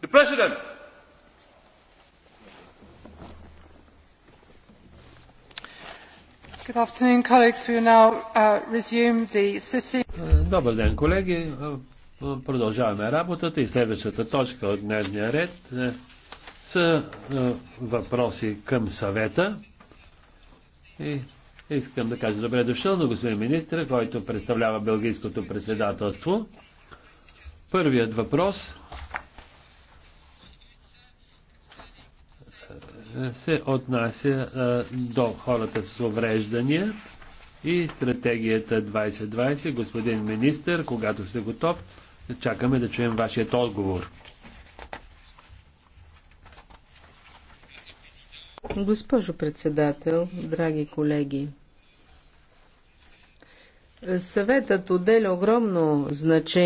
The President. Good afternoon, colleagues. We now uh, resume the city. Uh, добър ден, колеги. Uh, продължаваме работата и следващата точка от дневния ред е, са е, въпроси към съвета. И искам да кажа добре дошъл на господин министра, който представлява Белгийското председателство. Първият въпрос се отнася до хората с увреждания и стратегията 2020. Господин министр, когато сте готов, чакаме да чуем вашият отговор. Госпожо председател, драги колеги, съветът отделя огромно значение